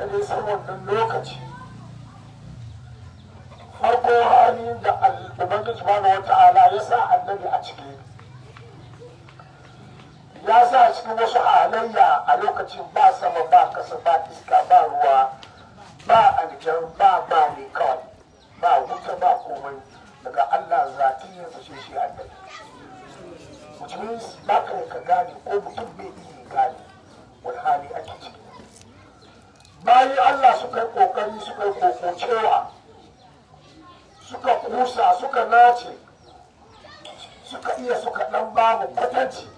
ka dai wannan lokaci farko halin da ubangiji ba wata ala ya sa annabi a ciki ya sa cikin wasu halayya a lokacin ba sama ba kasa ba iska ba ruwa ba aljan ba ba ne kawai ba wuta ba komai daga allah zati ya fashe shi annabi mutumin ba ka gane ko mutum bai iya gane wani hali ake ciki bayan Allah suka yi kokari suka yi kokocewa suka kusa suka nace suka iya suka ɗan ba mu kwatanci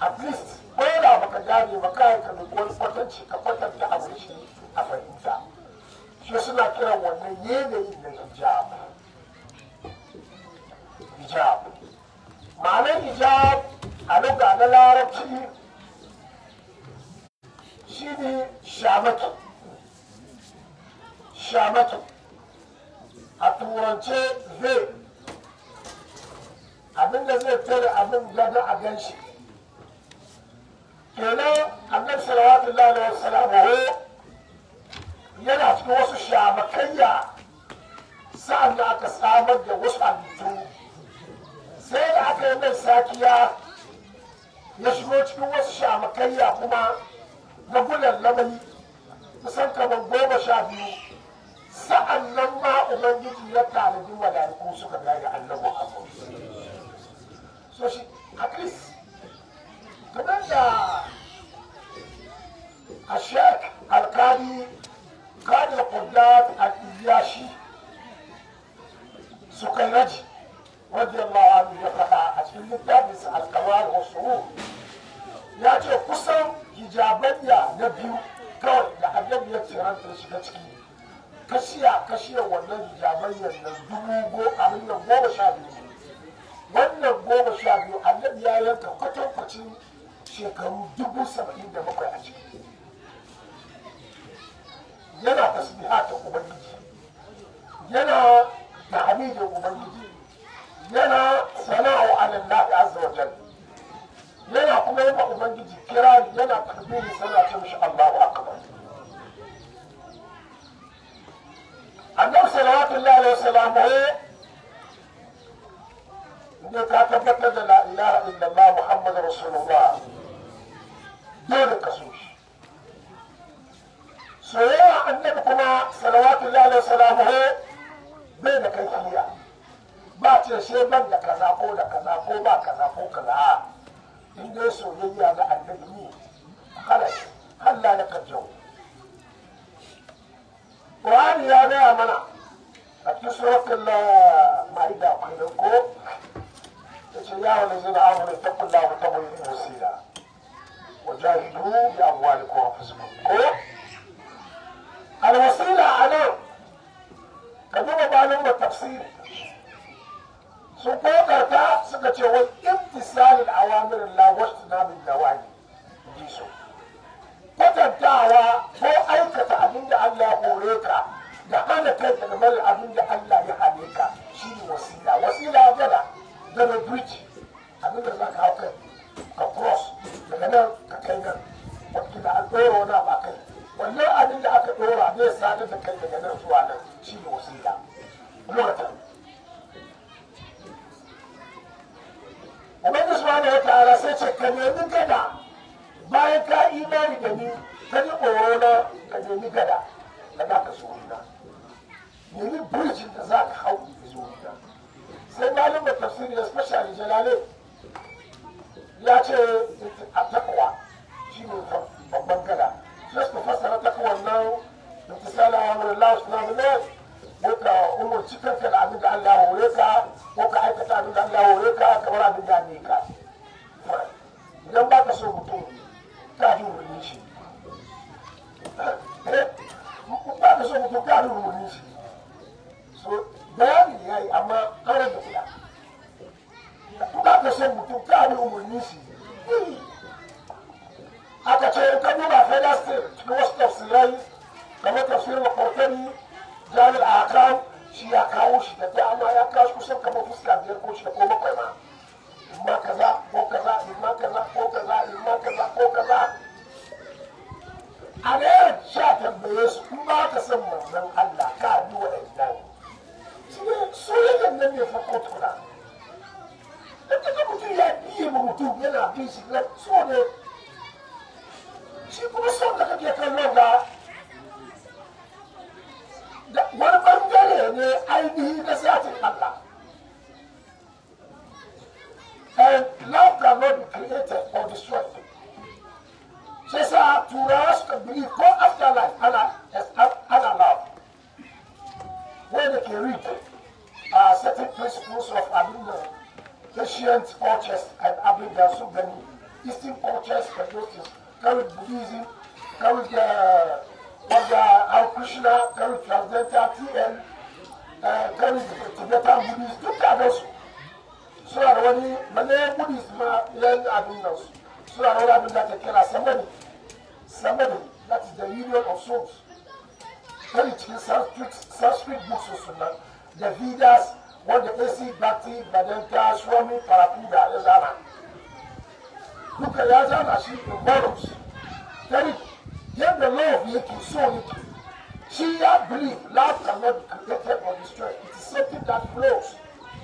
at least ko da ka gane ba ka duk wani kwatanci ka kwatanta a wuce a fahimta shi suna kiran wannan yanayin da hijab hijab ma'anar hijab a lokacin larabci shine shamaki shamaki a turance zai abinda zai tare abin gada a gan shi kenan annabi salawatullahi salama wasallam yana cikin wasu shamakayya sa'an da aka samar da wasu abincin sai da aka yi mai sakiya ya shigo cikin wasu shamakayya kuma gudan lamani kusan kamar goma sha biyu sa'an nan ma ubangiji ya talibi malaiku suka gaya annabi muhammad so shi at least kamar da a sheik alkali kadar kudat al-iyashi suka raji radiyallahu anhu ya faɗa a cikin littafinsa alkamar wasu ya ce kusan hijabaniya na biyu kawai da annabi ya ce ran ta shiga ciki kashiya kashiya wannan hijabaniyar na dubu go a hanyar goma sha biyu wannan goma sha biyu annabi ya yanka kwatankwacin shekaru dubu saba'in da bakwai a ciki yana tasbihatan ubangiji yana tahmidin ubangiji yana sana'u alallahi azza wa jalla yana kuma yi ubangiji kirari yana takbiri sana ce mishi Allahu akbar annabi sallallahu alaihi wasallam ne ka tabbatar da la ilaha illallah muhammadu rasulullah dole ka so shi soyayya annabi kuma sallallahu alaihi wasallam bai da kai ba ce sai ban da kaza ko da kaza ko ba kaza ko kaza in dai soyayya ga annabi ne kalas Allah na kajau Qur'ani ya gaya mana a cikin suratul ma'ida kullum ko yace ya wani zina amuru taqullaha wa taqullu musira وجاهدوا بأموالكم وأنفسكم الوسيلة على كذوب معلومة تفسيري su kokarta suka ce wai imtisalin awamirin la wasu nabin dawani bi su kwatantawa ko aikata abinda Allah hore ka da hana kai daga mara abin abinda Allah ya hane ka shi ne wasila wasila gada gada bridge abin da za ka hau kai ka cross daga nan ka kai nan wakila an ɗora wani ba kai wannan abinda aka ɗora zai sadar da kai daga nan zuwa nan shi ne wasila. Muratan. ubangiji subhanahu wa ta'ala sai ce ka nemi gada bayan ka imani da ni ka ji tsoro na ka nemi gada da za ka so na nemi burjin da za ka hau da zo na sai malin da tafsiri da special jalale ya ce a takawa shi ne babban gada sai su fassara takwan nan da ta sala wa Allah subhanahu wa ta'ala yadda in mu ci tafiya da abin da Allah hore ka ko ka aikata abin da Allah hore ka kamar abin da ne ka idan ka so mutum ka ji wurin shi ba ka so mutum ka ji wurin shi so bayani ya yi amma kawai da kula ba ka so mutum ka ji wurin shi aka ce ka duba federal state cikin wasu tafsirai kamar tafsirin kwartani jalil a kawo shi ya kawo shi da dama ya kawo shi kusan kamar fuska biyar ko shida ko bakwai ma in ma kaza ko kaza in ma kaza ko kaza in ma kaza ko kaza a ne sha tambaye su in ba ka san manzon Allah ka bi wa ɗan soyayyan nan ne fa ko tura da kaga mutum ya biye ma mutum yana bin shi na so ne shi kuma son da kake kallon ba. wani bangare ne ainihi na siyatin Allah and love cannot be created or destroyed sai sa turawa suka believe ko afterlife ana ana love wanda ke read certain principles of Armenian Asian cultures and Aboriginal so Eastern cultures and those things carry Buddhism carry uh, ọjà akushina kari transdenta tn kari eh, tibetan buddhist duk da So that when da wani mana buddhist ma yan abin nan su suna da wani abin da ake kira samani samani that is the union of souls kari cikin sanskrit sanskrit books also. the vedas what the ac bhakti Vedanta, swami parapuda ya zana duka ya zana shi in volumes Yet the law of nature so it. She had believed life cannot be created or destroyed. It is something that flows.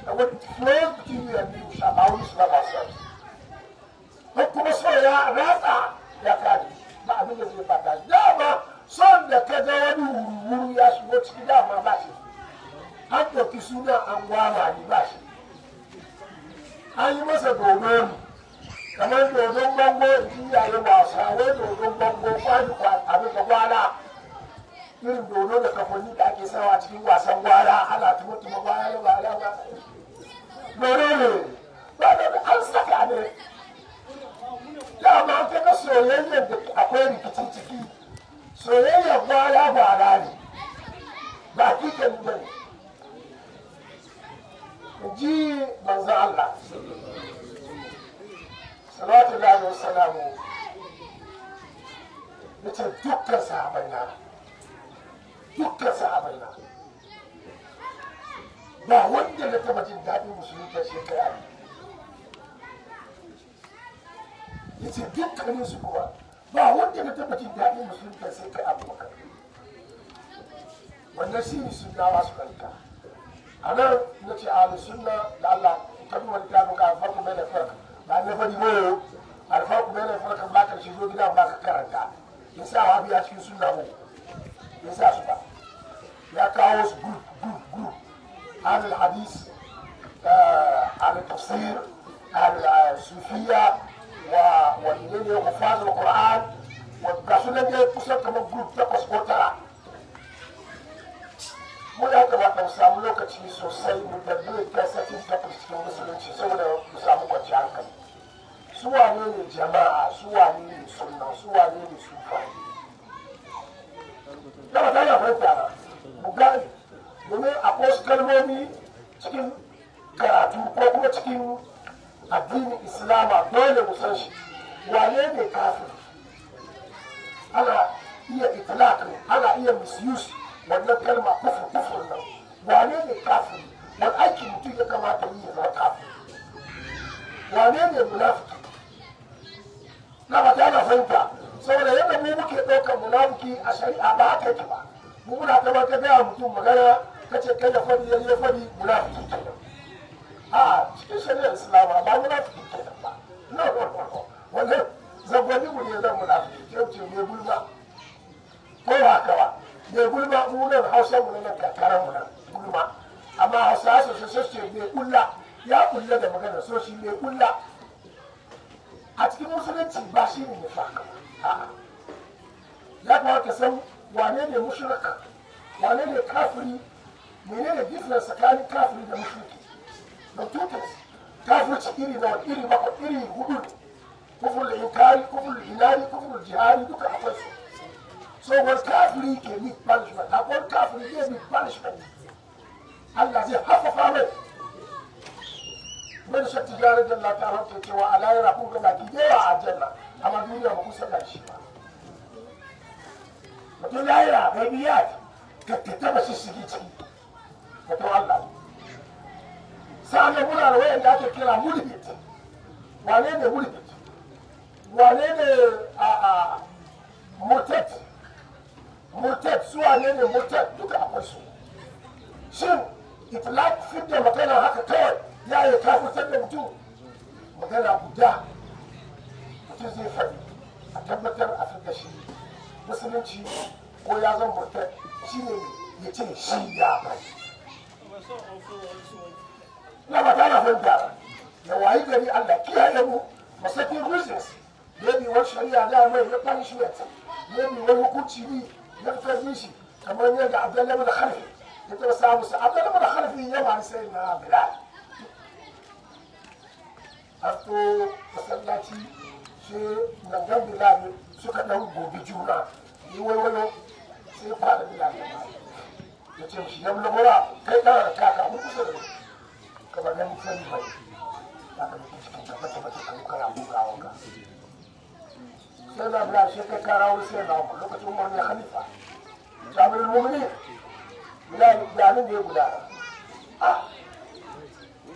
And when it flows between you and me, we shall always love ourselves. No kumasoya rata ya kadi. Ma amine zi pataji. Dama son de kaja wani wuru ya shigo ciki dama ba shi. An ɗauki suna an gwara ni ba shi. An yi masa domin kamar dodon bango jiyaye wasa wai dodon bango kwanu abin da gwala irin dodo da kafonni da ake sawa cikin wasan gwara ana tuma tuma gwara gwara gwara dodo ne ba da an saka ne dama ta ga soyayyar da akwai rikicin ciki soyayyar gwara gwara ne ba kitan ba ne ji manzo Allah salatu lahi wa salamu ya ce dukkan sahabai na dukkan sahabai na ba wanda na taba jin daɗi musulunci shi kai ali ya ce dukkanin su kuwa ba wanda na taba jin daɗi musulunci sai kai abubakar wannan shi ne sunnawa su ɗauka a nan na ce a sunna da allah ta duba da ta buƙa farko mai da farko ta ne fari mo alfarku bai na farkan makar shi zo gida ba ka karanta ya sa wa biya cikin sunna mu ya sa su ba ya kawo su group group group ahli hadis eh, ahli tafsir ahli eh, sufiya wa wa ne hufaz alquran wa ga su ne kusan kamar group takwas ko tara mu ya kamata mu samu lokaci sosai mu da duk kasafin takwas cikin musulunci saboda mu samu kwanciyar hankali suwa ne ne jama'a suwa ne ne sunna suwa ne ne sufa na ba ta yi fahimta ba mu gane domin akwai wasu kalmomi cikin karatu ko kuma cikin addinin islama dole mu san shi wane ne kafin ana iya itilak ne ana iya misuse wannan kalma kufur kufur nan wane ne kafin wani aiki mutum ya kamata yi ya zama kafin wane ne munafiki na ba ta fahimta saboda yadda mu muke ɗaukar munafiki a shari'a ba haka yake ba mu muna ta baka gaya mutum magana ta ce kai da fadi ya yi fadi munafiki ke a cikin shari'ar islama ba munafiki kenan ba na wannan zagwani mu ne zan munafiki ke ce mai gulma ko ba haka ba mai gulma mu nan hausa mu nan kakarar mu nan gulma amma hausa su su ce mai kulla ya kulla da magana so shi mai kulla a cikin musulunci ba shi ne nifaq ya kamata san wane ne mushrik wane ne kafiri ne difference tsakanin kafiri da mushriki da tutas kafirci iri da iri ba iri hudu kufur inkari kufur inari kufur jihari duka akwai su so wani kafiri ke ni banishment akwai kafiri ke ni banishment Allah zai haifafa mai nan shi tijarar da lata wata cewa a layar kun gana ki yawa a janna amma duniya ba kusa da shi ba mutum layira bai biya ka ta taba shi shigi ciki ka ta Allah sa'annan da wayan da ake kira mulhid wane ne mulhid wane ne a a mutet mutet su wane ne mutet duka akwai su shin itlaq fidda magana haka kawai ya ya fitar da mutum magana guda mutum zai faɗi a tabbatar a saka shi musulunci ko ya zan bautar shi ne ya ce shi ya faɗi na ba ta da ya wayi gari allah kiyaye mu masakin reasons maybe wani shari'a da mai na punishment maybe wani hukunci ne na fitar shi kamar yadda abdullahi da harfi ya taɓa samu sa abdullahi da harfi ya ba sai na bilal an zo masallaci sai gangan bilali suka ɗan gobe juna yi waiwayo sai fara bilali ya ce shi yam lamura kai ɗan kaka mun kusa da kamar nan sani bai ta ka mutu cikin gaba ta mace kan kara bugawa ka sai na bila shi kai kara wani sai na ku lokacin wani halifa jami'in mumini bilali bilali ne guda ah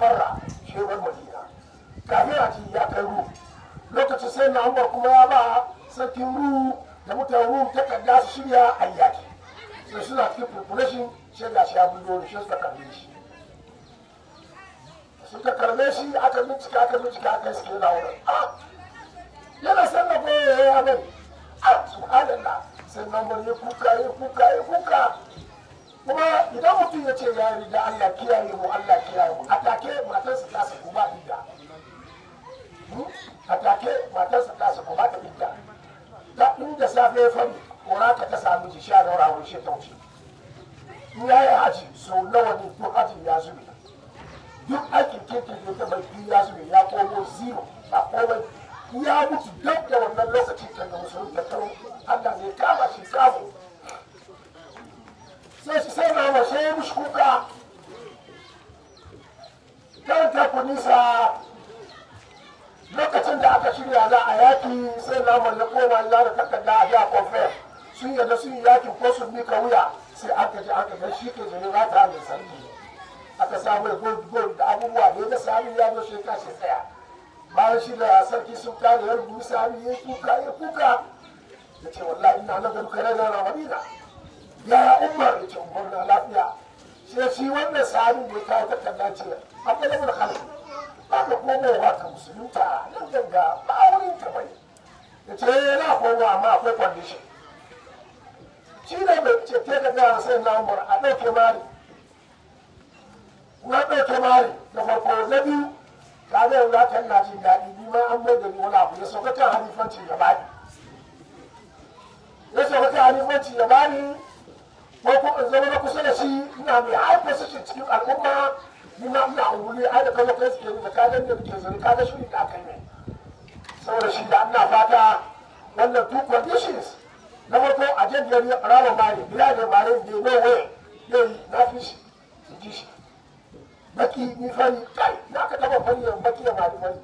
farra shewar madina kafin a ci ya kai rum lokacin sai na umar kuma ya ba sarkin ru da mutanen ta takarda su shirya a yaki sai suna cikin population shi ga shi ya bulo shi suka karbe shi suka karbe shi aka bincika aka bincika aka suke na wurin yana na ko ya yi abin a ah, subhanallah sai na umar ya kuka ya kuka ya kuka kuma idan mutum ya ce ya riga Allah kiyaye mu Allah kiyaye mu atake matarsa ta saku kuma idda hmm? atake matarsa ta saku kuma ta idda ta inda safe fari kora ka ta samu ji sha daura wurin shi wuce in ya yi haji sau nawa ne duk hajin ya zube duk aikin kirkin da ta bai ya zube ya komo zero a komai ya mutu duk da wannan lokacin da musulun da taro Allah ne kama shi kawo sai su sai na sai mushi kuka kan kunisa lokacin da aka shirya za a yaki sai na malla koma da takarda a biya kofe sun yadda sun yi yakin ko sun mika wuya sai aka ji aka ga shi ke zai rata da sarki aka samu gold gold da abubuwa ne na sami ya zo shekara shi tsaya bayan shi da sarki sun kare yar rubu sami ya kuka ya kuka ya ce wallahi ina na garkare na ramadina ya umma da kyau gwamna lafiya sai shi wannan sarin da ya kawo takarda ce a ƙalamar halin ba ka komowa ka musulunta nan ganga ba wurin ta bai da ce yana eh, kowa amma akwai condition shi ne mai ce ta ka gaya sai na umar a ɗauke mari na ɗauke mari da farko na biyu ta zai wula kan na jin daɗi ni ma an bai da ni wani abu ya sauka kan fanci ya bani ya sauka kan halifanci ya bani ko ko in zama na kusa da shi ina mai haifar sakin cikin al'umma ni ma ina wuri ai da kaza kai suke da kaga da ke zuri kaga shi da aka yi saboda shi da ina fata wannan two conditions na farko a jan da ya fara ba bani bila da bare da no way dai na fi shi ji shi baki ni fari kai na ka taba fari da baki da mali fari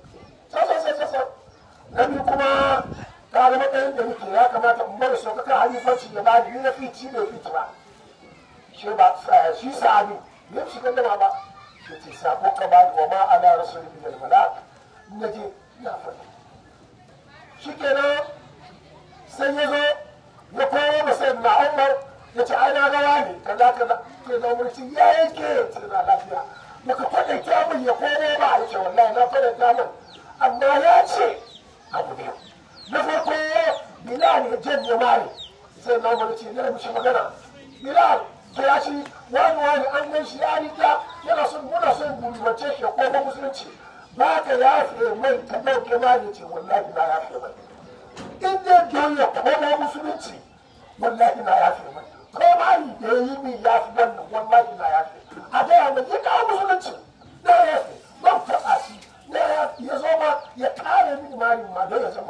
sai sai sai na bi kuma ta da matsayin da nake ya kamata in bar sauƙaƙa halifarci da ba ni na fi ci da fi ba shi ba eh, shi sa'adu ne shi kallama ba shi ce sako ka ba wa ma ana rasul min al na je ya fadi shikenan sai ya zo ya kowa ba sai na Umar ya ce ana gawa ne kaza kaza ke da Umar ce ya yake ce na lafiya maka fada ta mun ya kowa ba ya ce wallahi na fada ta mun amma ya ce abu biyu na farko Bilal ya janye mare sai na Umar ce ya mishi magana Bilal kiyashi wani wani an gan shi yana sun muna son gurbace ko ba musulunci ba ka yafe mai ta ɗauke ma ne ce na yafe mai in dai ko musulunci wallahi na yafe mai ko ma da yi min yafe wannan wallahi na yafe a gaya mai musulunci yafe taɓa shi ya zo ma ya kare min ma don ya sai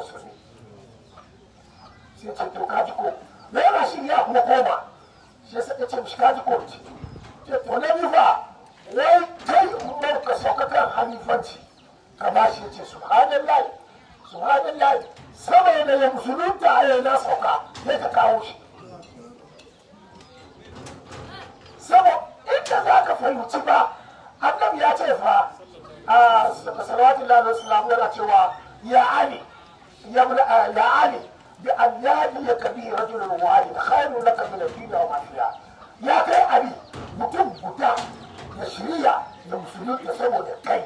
ce to ka ji ko yana shirya kuma koma shi yasa ta ce mishi kaji court ce to na wai kai umar ka saukatar hannifanci ka ba shi ya ce subhanallah subhanallah saboda ya musulunta a yana sauka sai ka kawo shi saboda inda za ka fahimci ba annabi ya ce fa a salawatullahi wa sallam yana cewa ya ali ya بأن يأتيك به رجل واحد خير لك من الدنيا وما فيها يا كي أبي mutum guda ya shirya da musulmi saboda kai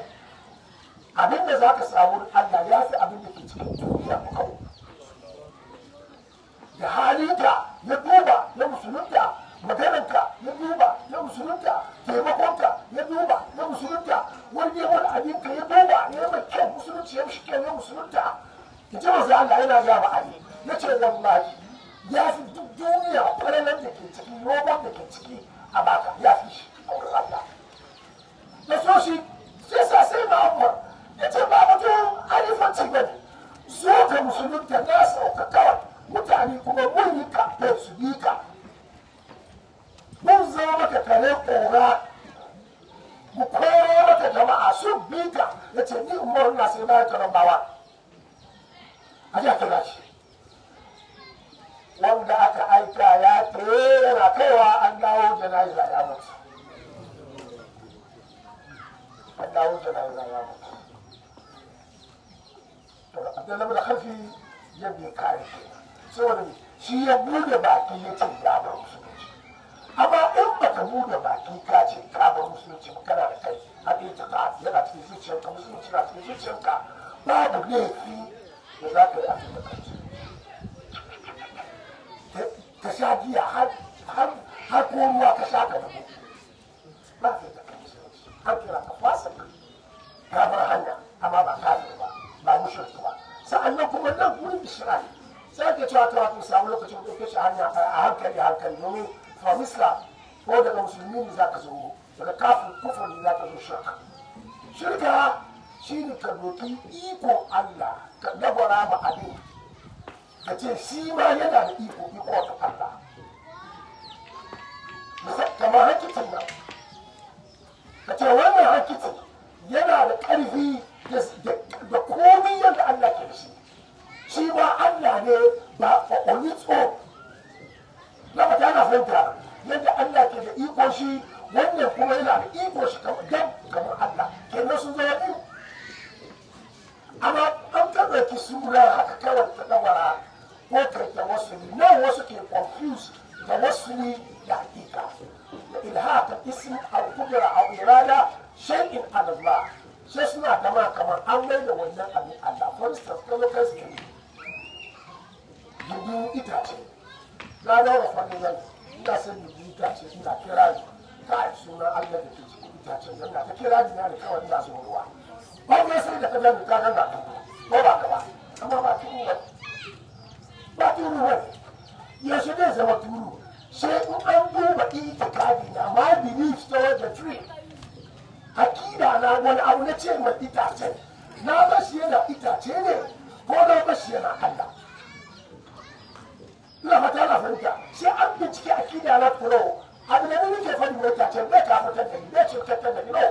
abin da za ka samu Allah ya fi abin da ke cikin duniya ku kawo ya duba ya musulunta maganarka ya duba ya musulunta taimakonka ya duba ya musulunta wani ne wani abinka ya duba ya yi mai kyau musulunci ya ya musulunta ya Allah yana gaba a na ce wallahi ya fi duk duniya falalar da ke ciki robar da ke ciki a baka ya fi shi a wurin Allah. Da so shi sai sa sai na shi ne ka roƙi iko Allah ka dabara ba abin ka ce shi ma yana da iko iko ta Allah kamar hakitin nan ka ce wannan hakitin yana da ƙarfi da komi yadda Allah ke shi shi ba Allah ne ba a tso na ba ta na fahimta yadda Allah ke da iko shi wannan kuma yana da iko shi kamar Allah kenan sun zo ya amma an ta ɗauki sura haka kawar ta ɗawara ko karta wasu ne nan wasu ke confuse da wasu ne da haƙiƙa da ilhaka ismi a kudura a irada shay'in alallah sai suna kama kamar an mai da wannan abin Allah for instance ta local skin dubu itace na daura fannin nan ina san dubu itace suna kira ta suna Allah da ke cikin itacen zanga ta kira ni na da kawai ina son ruwa wani sai da kallon mutanen da ko ba ba ba ba turu ba zama turu sai an duba itikadi na my belief towards the tree hakida na wani abu na ce itace na ne ko na bashi yana na sai an bincike akida na kuro abu da nake faɗi mai ka da da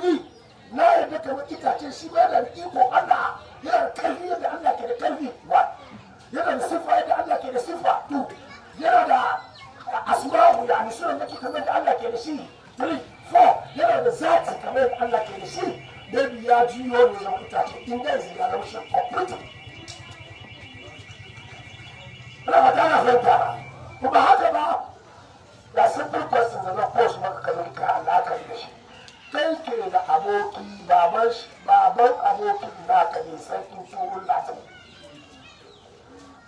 no na yarda kamar itace shi ba da iko Allah yana da karfi yadda Allah ke da karfi wa yana da siffa yadda Allah ke da siffa to yana da asmahu ya ni sunan nake kamar da Allah ke da shi three four yana da zati kamar yadda Allah ke da shi bi ya jiyo ne zan itace in da zai ga shi complete ana ba ta na fahimta kuma haka ba Ya simple questions da na post maka kamar ka Allah ka da shi kai ke da aboki baban abokin naka ka ne sarkin tsohon latin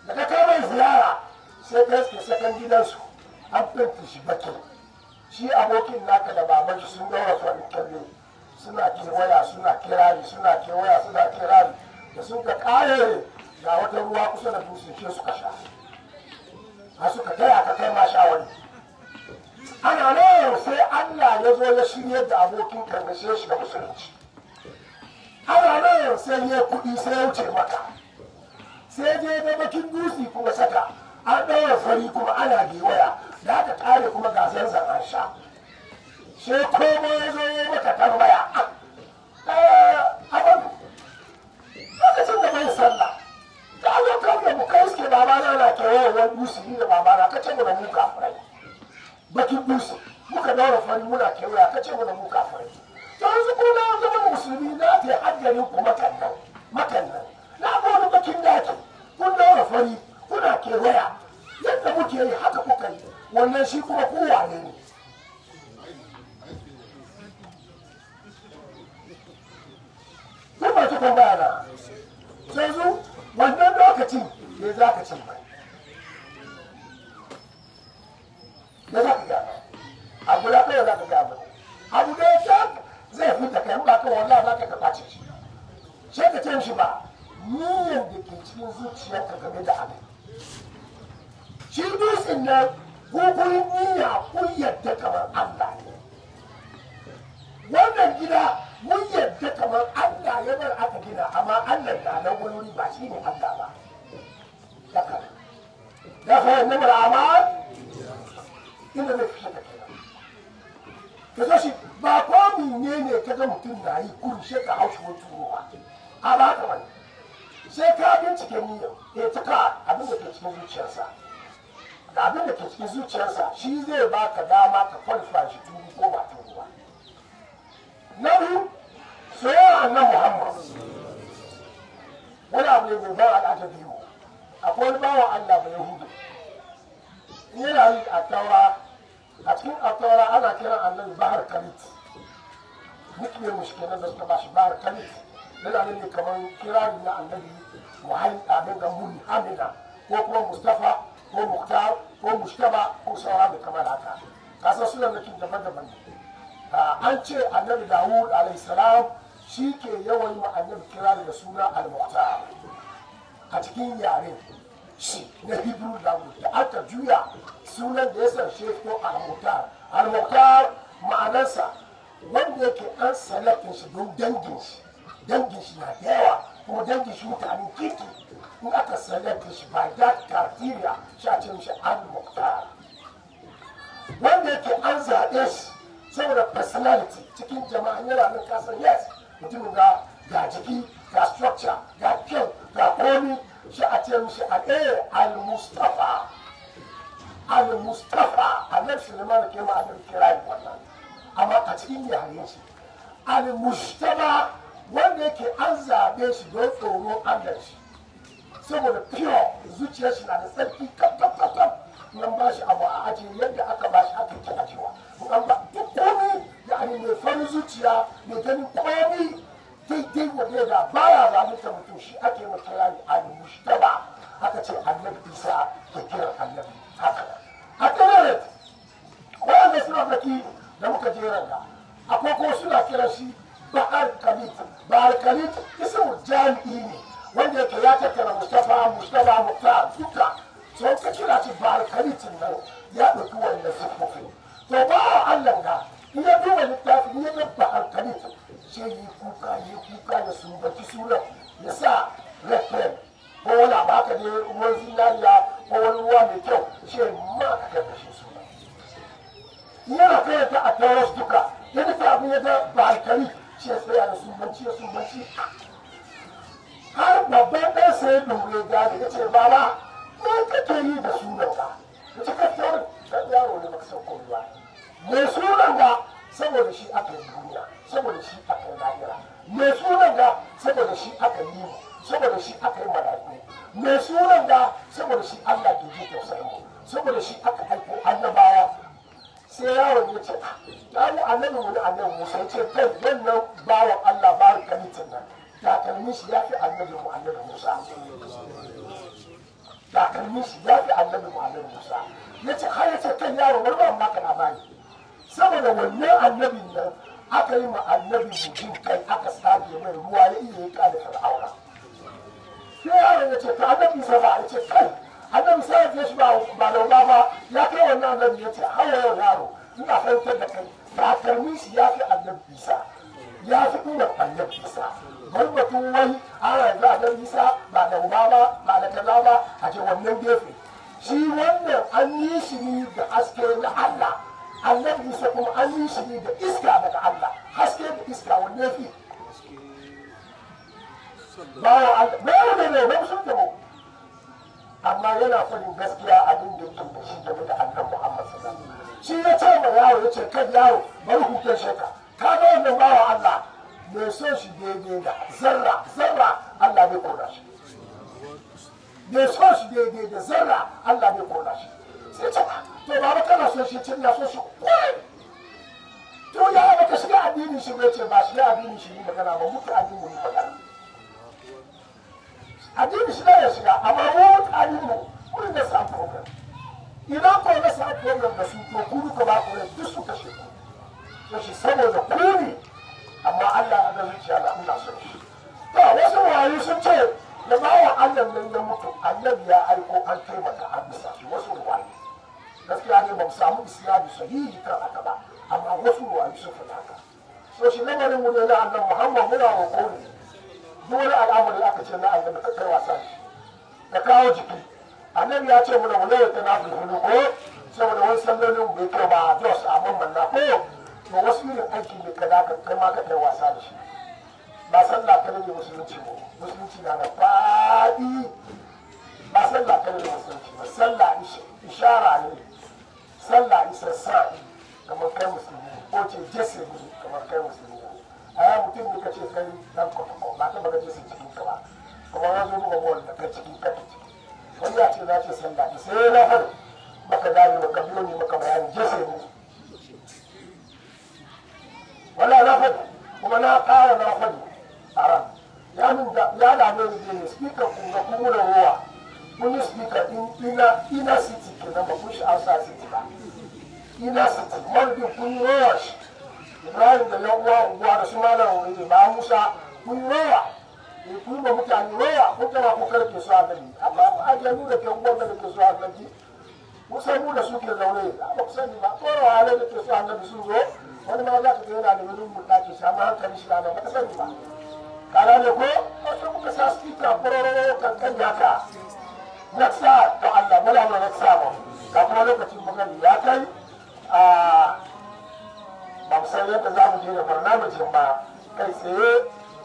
daga kai mai ziyara sai ka suke sakan gidansu an fenti shi baki shi abokin naka da baban shi sun daura su kyalle suna kewaya suna kirari suna waya suna kirari da sun ka kare ga wata ruwa kusa da dutse shi suka sha har suka taya ka kai ma shawari ana nan sai Allah ya zo ya shirya da abokin karkashe shi da musulunci ana nan sai ya kuɗi sai ya wuce maka sai je da bakin dutse kuma saka an ɗaura fari kuma ana waya, da aka tare kuma ga zanzan an sha sai koma ya zo ya maka tambaya eh, abin lokacin da bai sallah da abokan da mu kai suke babana na kewaye wani dutse da babana ka ce da mu kafirai bakin dutse muka daura fari muna kewaya ka ce mana muka fari to yanzu ko na zama musulmi na ta hajjarin ku makan nan nan na ga bakin daki kun daura fari kuna kewaya yadda muke yi haka kuka yi wannan shi kuma kowa ne ne Kuma ta tambaya na, yanzu wannan lokacin ne za ka cin bai. da za ka gyara a ka da ya sha zai fita kai ba ka wallah za ka kaɓace ce ba da ke cikin da ko kun kamar Allah ne wannan gida mun yadda kamar Allah ya bar aka gida amma Allah na wani ba shi ne Allah ba da kan da amal inda zai fiye da kai ka zo shi ba ko ne ka ga mutum da yi kurum sai ka haushi wata ruwa a ba ka wani sai ka bincike niyyar ya eh, tuka abin da ke cikin zuciyarsa da abin da ke cikin zuciyarsa shi zai ba ka dama ka kwalifa shi turu ko ba turu ba na biyu soyayya annan muhammad wani abu ne mai bawa al'ada biyu akwai bawa allah mai yahudu yana yi a tawa a cikin atara ana kiran annan bahar kalit mutume mushkilan da suka shi bahar kalit yana nuna kamar kirari na annabi muhammad abin ga muhammadina ko kuma mustafa ko muktar ko mushtaba ko saura da kamar haka kasar suna nakin daban-daban an ce annabi dawud alaihissalam shi ke yawan yi annabi kirari da suna al Muktar a cikin yare shi na hebrew language da aka juya sunan da ya sarshe ko al-mukhtar al-mukhtar ma'anarsa wanda yake an salatin shi don dangin shi dangin shi na da yawa kuma dangin shi mutanen kirki in aka salatin shi ba da criteria shi a cikin shi al-mukhtar wanda yake an zaɓe shi saboda personality cikin jama'a yana nan kasan yes mutumin ga ga jiki ga structure ga kyau ga komi shi a ce mishi a ɗaya al-mustafa al-mustafa annan suleiman ke ma annan kirayi wannan amma a cikin yare shi al-mustafa wanda yake an zabe shi don tsoro allah shi saboda pure zuciya shi na da tsarki kafafafaf nan ba shi abu a ajiye yadda aka ba shi aka ta ajiyewa an ba duk komi da mai farin zuciya mai ganin komi jirgin da zai da baya zalunta mutum shi ake wa shi ta ba aka ce annabi isa da kiran annabi haka a kanarit wanda suna baki da muka je da akwai ko suna kiran shi ba'ar kalit ba'ar kalit ismul jami'i ne wanda ya tattara mustafa mustafa muktar duka sai ka kira shi ba'ar kalit nan ya ɗauki wannan siffofin to ba Allah ga in ya duba littafi ya ga je yi kuka yi kuka ya sumbaci sura ya sa refren ko wani abu haka ne ruwan zinariya ko wani ruwa mai kyau ce ma ka karkashe suna yana kai ta a tawas duka ya nufi abin ya tsaya da sumbanci ya sumbanci har babban ɗan sai dore gane ce yi da sunan ka ya ce ka yaro ne san ba me sunan ka saboda shi aka yi duniya saboda shi aka yi lahira mai sunan ga saboda shi aka yi mu saboda shi aka yi malaku mai sunan ga saboda shi Allah ke ji tausayin mu saboda shi aka haifo annabawa sai yawon ya ce ta, a annabi wani annabi musa ya ce kai wannan bawan Allah bawan ka nan takalmin shi ya fi annabi mu annabi musa takalmin shi ya fi annabi mu annabi musa ya ce har ya ce kan yaro wani ba ma kana bani saboda wannan annabin nan aka yi ma annabi mutum kai aka sage mai ruwa ya iya yi kada fir'auna sai yaron ya ce ka annabi sa ba a ce kai annabi sa ya shi ba lauba ba ya kai wannan annabi ya ce hawa yau yaro ina fahimtar da kai takalmin shi ya fi annabi sa ya fi ɗunan annabi sa wani batun wai ana yanzu annabi sa ba lauba ba ba da kaza ba a ce wannan gefe shi wannan an yi shi ne da haske na Allah annabi isa kuma an yi shi ne da iska daga Allah haske da iska wanne fi bawa Allah ne ne ne sun da amma yana faɗin gaskiya abin da yake da shi game da annabi Muhammad sallallahu alaihi wasallam shi ya ce ma yawo ya ce kan yawo bari hukunce shi ka ka ga wannan bawa Allah mai son shi daidai da zarra zarra Allah bai kora shi mai son shi daidai da zarra Allah bai kora shi sai ce ah, to baba kana so shi cin ina so shi kwai to ya baka shiga addinin shi ba ce ba shi shiga addinin shi ne magana ba muka addinin ne magana addinin shi ne ya shiga amma mu addinin mu kun da sa program idan ko na sa program da su to ku duka ba ku duk su kashe ku to shi saboda ku ne amma Allah ya da zuciya da Allah so shi to wasu wayo sun ce da bawa Allah nan ya mutu Allah ya aiko an taimaka an bisa shi wasu wayo gaskiya ne ba samu isnadi sahihi kan aka ba amma wasu ruwayi sun fi haka so shi ne wani ne na annabi Muhammad muna wa ne dole wani al'amari aka ce na allah ka kai wasa shi ka kawo jiki annabi ya ce muna wala ta na fi ko saboda wani sallolin bai kai ba Jos a mamman na ko to wasu yin aiki ne ka da kai ma ka kai wasa da shi ba sallah ta ne musulunci mu musulunci na da faɗi ba sallah ta ne musulunci ba sallah ishara ne sallah isa sa'i kamar kai musulmi ko ce jesse ne kamar kai musulmi a ya mutum ne ka ce kai dan kwatakwa ba ta baka jesse cikin ka ba kuma ya zo buga bol da ka cikin ka ta ciki wani ya ce na ce sallah isa ya na har baka dani baka biyo ne baka bayani jesse ne wala na faɗi kuma na ƙara na faɗi a ran ya min da ya da ne ne speaker kun ga kun ruwa kun speaker ina ina you know, but push outside city back. Inner city, more people kun rush. Ibrahim da yan uwa unguwa da su malam da ba Musa kun roya. Ne kun ba mutane roya ko kana ko kar ke so annabi. Amma ajanu da ke unguwar da ke so annabi. Musa mu da suke zaune, ba ku sani ba, tsoro halin da ke so annabi sun zo. Wani ma za ka ga yana da wani mutaki shi amma hankali shi na ba ka sani ba. Kana ko? Ko sai kuka sa speaker bororo kan kan yaka. Next Allah muna da wasu sabon ga kuma lokacin bugan ya kai a ba san yadda za mu je da barnamijin ba kai tsaye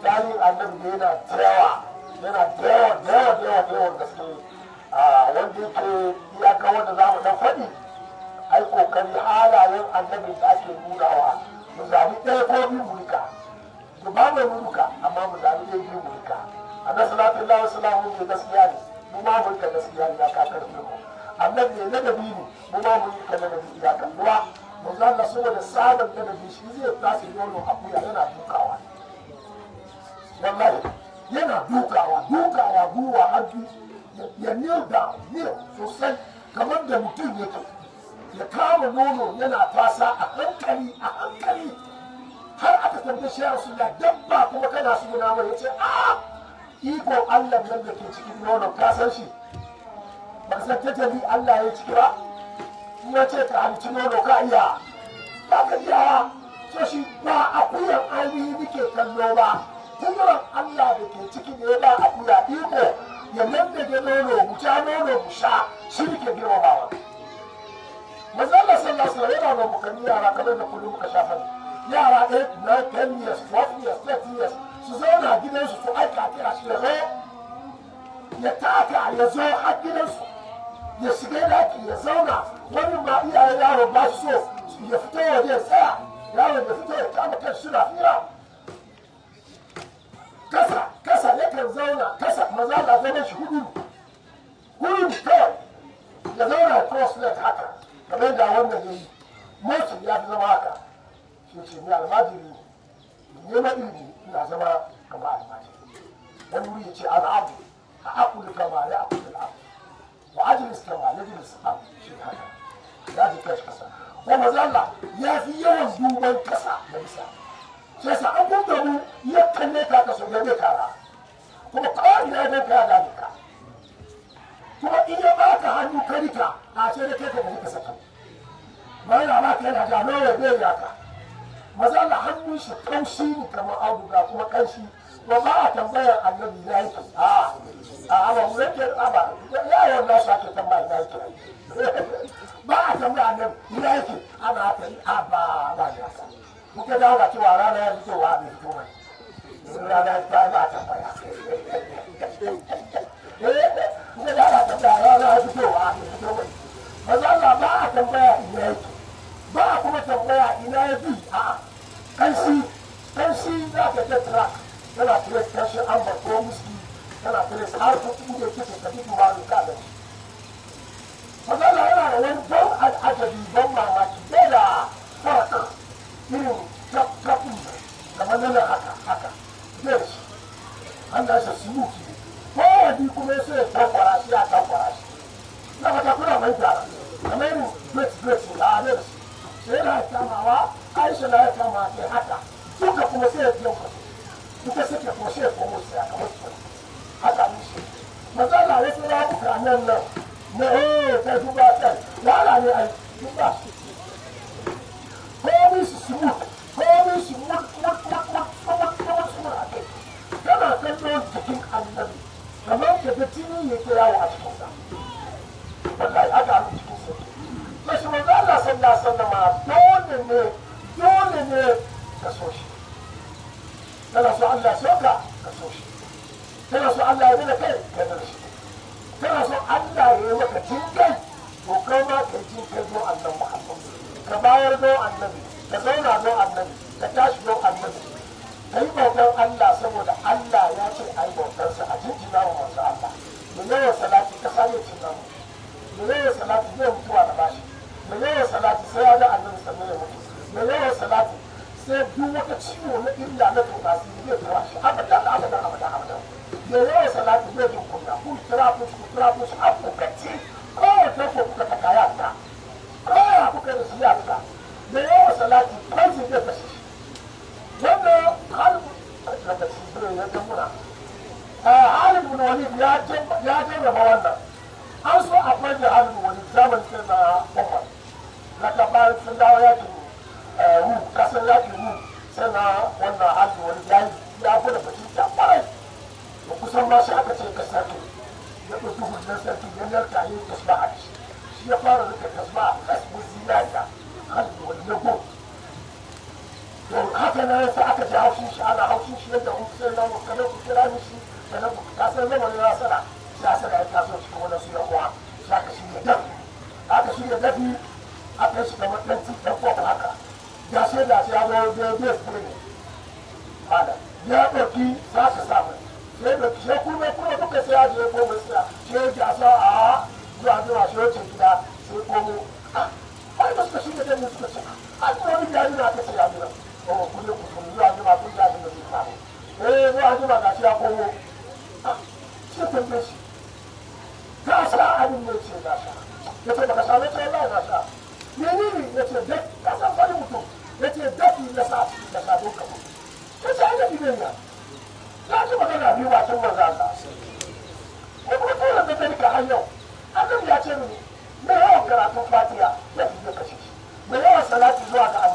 dalilin annabi da yana da yana da yawa da yawa da yawa gaske wanda yake iyaka wanda za mu dan faɗi ai kokari halayen annabi da ake nunawa mu zabi ɗaya ko biyu mu rika mu ba mu rika amma mu zabi ɗaya biyu mu rika annabi sallallahu alaihi wasallam ne gaskiya ne mu ma mu ta gaskiya ya ka karfe mu annabi ne da bibi mu ma mu ta da gaskiya kan ruwa mu zalla saboda sabon da bibi shi zai tashi nono akuya yana dukawa wallahi yana dukawa dukawa duwa haddu ya kneel down kneel sosai kamar da mutum ta ya kama nono yana tasa a hankali a hankali har aka tambaye shi ya rasu da dabba kuma kana suna mai ya ce a'a ah, iko Allah nan da ke cikin nono ka san shi ba san tattali Allah ya ciki ba ya ce ka halci nono ka iya ba ka iya so shi ba akuyan ainihi muke kallo ba kuma Allah da ke ciki ne ba akuya iko ya nan da nono mu ta nono mu sha shi muke wa mazalla sallallahu alaihi wasallam yana da mukanni yara kamar da kullum ka shafa yara 8 9 10 years 12 years 13 years su zauna gidansu su aika kira shi ya ya taka ya zo har gidansu ya shiga daki ya zauna wani ma iyaye yaro ba su so ya fito waje ya tsaya yaro ya fito ya kama kan shi na fira kasa kasa kan zauna kasa maza na zama shi hudu hudu kawai ya zauna ya cross leg haka kamar da wannan ya yi motsin ya fi zama haka shi ce ni almajiri ne neman ilimi ina zama kamar almajiri wani wuri ya ce al'abu a haƙuri kama ya haƙuri al'abu wa ajilis kama ya jilis abu shi haka ya ji kashi kasa wa mazalla ya fi yawan duban kasa da bisa sai sa an gunga mu ya kalle ka ka so ya ne kara kuma kawai ya ne ka da ka kuma in ya baka hannu ka rika a ce da kai ka ba ka ba ya ba ka yana da nawa ya bai ya ka maza da hannun shi kaushi ne kamar auduga kuma kanshi ba ba a ya yi a a ba mu yake ba ya yi tambaya ya ba a tambaya annabi ya a yi a ba ba ya sa cewa rana ya fito wa bai fito mai rana ya ba tambaya eh, rana ya fito wa bai fito mai maza ba a tambaya ya ba kuma tambaya ina ya bi a kanshi kanshi za ka ga track tana tura kashin ambar ko musu tana tura har ko kuma da kike ka bi ba ka ka da magana yana da wani ban al'ajabi ban mamaki bai da farka irin tafi kamar nan haka haka zai shi an da shi su mutu kowane kuma ya sai ya tankwara shi ya tankwara shi na mata kuna mai tara kamar irin great great na zai yana tamawa aisha na ya tama ya haka kuma sai ya biyan kaso duka suke kuma sai ya komo sai aka wasu haka mishi maza na ya tura nan nan na eh ta duba ta duba hu kasan yaƙin hu sana wannan hajji wani yayi ya gwada fahimta ƙwarai da kusan ma shi aka ce ka sarki ya ɗauki hujjar sarki ya narka yin tasba a shi shi ya fara rika tasba a kasbin zinariya hajji wani ya go to haka na yasa aka ji haushin shi ana haushin shi yadda in kusa nan kada ku kira ni shi kada ku kasan zama ne na sana ya sana ya taso cikin wani su ya kuwa shi aka shirya dafi aka shirya dafi aka yi shi kamar ɗan cikin ɗan haka da shi da shi ya zo da bai kuma ne hada ya ɗauki za su samu sai da shi kuma kuma duka sai ya je ko masa shi ya sa a zuwa zuwa shi wacce gida sai komo ai ba suka shirya dai suka ce a kuma wani gari na ta tsaya mina o kulle ku kun zuwa zuwa kun ya zuwa su samu eh zuwa zuwa ga shi ya komo shi kun shi ka sa abin ne ce ga sha ya ce baka same ta ba ga sha menene ya ce dai ka san fari mutum ya ce dafi na safi da sabon kama ta ce ana bibin na ya ji ga biyu ba sun manzo Allah ko kuma tura da zai ka hanyar annabi ya ce mini mai yawan karatun fatiha ya fi zai kashe shi mai yawan salati zuwa ga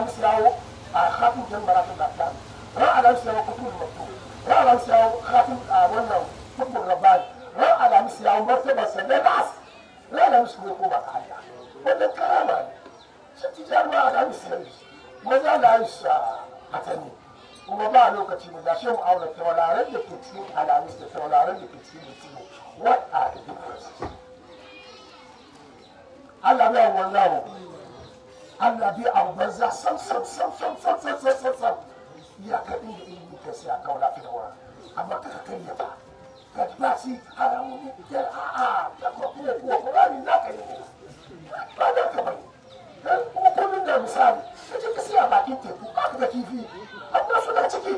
alam siyawo a khatim jan baratun laktan ran alam siyawo kutubul maktub ran alam siyawo khatim a wannan kutubul rabbani ran alam siyawo martaba sanne bas ran alam siyawo ko ba kaya wannan karama ne shi tijaru alam siyawo maza da aisha hatani kuma ba lokaci mu gashe mu aure tauraron da ke cikin alamis da tauraron da ke cikin mutum what are the differences Allah bai wannan Allah bai abu banza sam sam sam sam sam sam sam sam sam ya ka dinga yin ta sai a kaula ta dawa amma ka ka kariya ba ka ba shi haramu ne ya a a ka ko ko ko ko ba ni na ka yi ba da ka ba dan ko ko min da misali ka ji ka siya bakin teku ka ka kifi amma suna ciki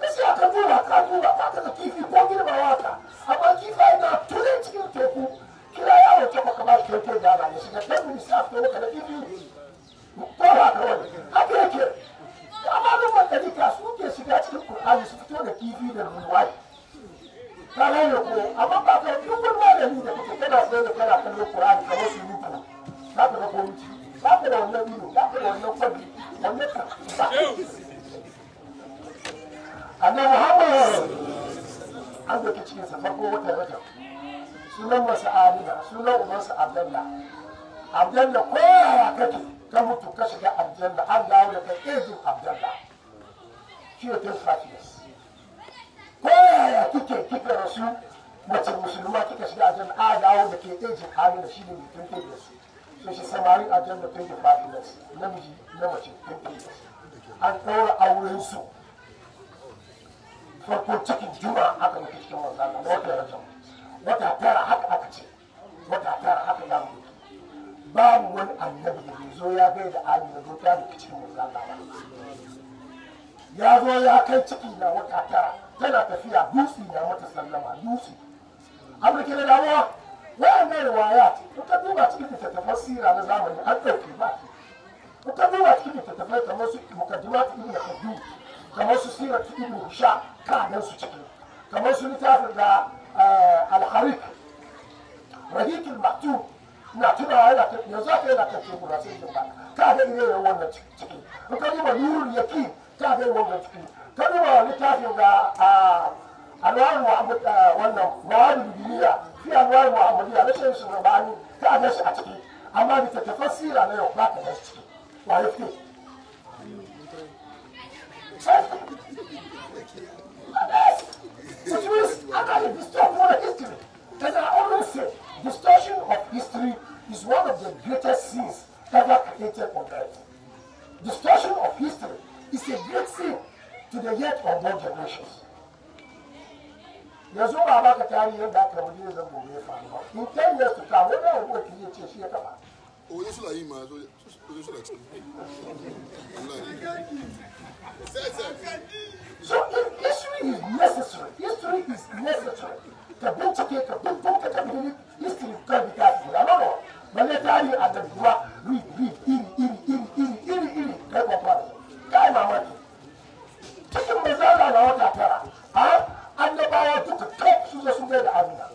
ka siya ka duba ka duba ka ka kifi ko girma wata amma kifaye na tuni cikin teku kila yawo ta baka ba shi ta da ba shi ka kai mun sa to ka da bibi ko ba ka wani haka yake amma mun ba kadi ka su ke shiga cikin Qur'ani su fito da kifi da ruwai ka rage ko amma ba ka duk wani malami da kake kana sai da kana kallon Qur'ani ka wasu ruku za ka ga ko wuce za ka da wannan ido za ka da wannan kwabi wannan ka annabi Muhammad an zaki cikin sa farko wata rajab sunan wasu Arina sunan umarsu Abdalla Abdalla ko yaya kake ta mutu ka shiga Abdalla an dawo da kai ezu Abdalla shi ne ta ko yaya kike kike rasu mace musulma kika shiga Abdalla an dawo da kai izin Arina shi ne mutum ke da su sai shi samari Abdalla tun da Safiyas namiji na mace tun da su an ɗaura auren su farko cikin juma'a aka mutu cikin wanzan wata rajama wata tara haka aka ce wata tara haka ya mu mutu babu wani annabi da zo ya bai da ali da zo ta da cikin manzo Allah ya zo ya kai ciki na wata tara tana tafiya dutse na mata sallama dutse abin da ke da damuwa wa'annan riwaya in ka duba cikin littattafan sira na zamani an ɗauke ba in ka duba cikin littattafai kamar su mukaddimat ibn kaddu kamar su sirat ibn hisham ka dan su cikin kamar su littafin da alharik rahikin Matu, na tunawa yana yanzu aka yana kan teku na sai ba ta ga ire yawan wannan ciki in ka duba nurul yaqin ta ga wannan ciki ka duba littafin da anwar muhammad wannan mawadu duniya fi anwar muhammadiya na shehu shugabani ta ga shi a ciki amma da tafasira na yau ba ta ga ciki wa yake It means under distortion of history, as I always say, distortion of history is one of the greatest sins ever created on earth. Distortion of history is a great sin to the yet unborn generations. yanzu ba ba ka tari yadda aka rabu ne zan gobe faru ba in ten years to come wani abu da kiyar ce shi ya kama. o yesu la yi ma yesu la ci. So history is necessary. History is necessary. Ka bincike ka bincike ka gani history kan bi ta fi guda ba. Balle tarihi a tabbuwa read read iri iri iri iri iri iri kai kwakwara. Kai mamaki. Cikin mai zara na wata tara. A annabawa duka kai su zo sun da amina.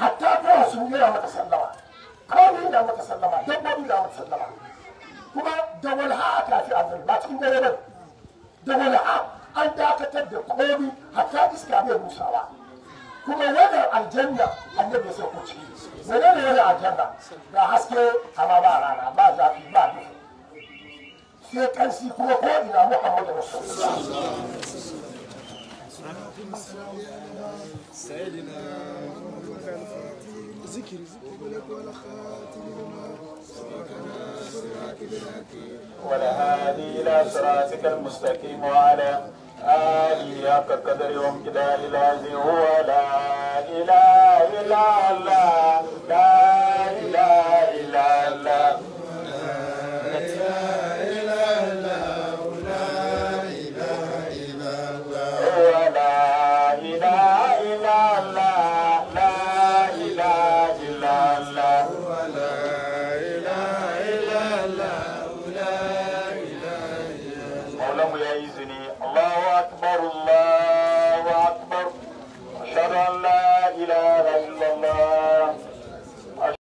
Hatta kawai sun gina maka sallama. Kawai da maka sallama. Dabbobi da maka sallama. kuma da walha ta fi azal ba cikin dare ba da walha an dakatar da komi hatta iska bai busawa kuma wannan aljanna annabi sai ku ciki zane ne wannan aljanna ga haske amma ba rana ba zafi ba duhu sai kansi kuma ko ina muhammadu rasulullah سيدنا ذكر ذكر لك ولا خاتم ما سواك والهادي إلى صراطك المستقيم وعلى آله حق قدر وامتداد الذي هو لا إله إلا الله لا إله إلا الله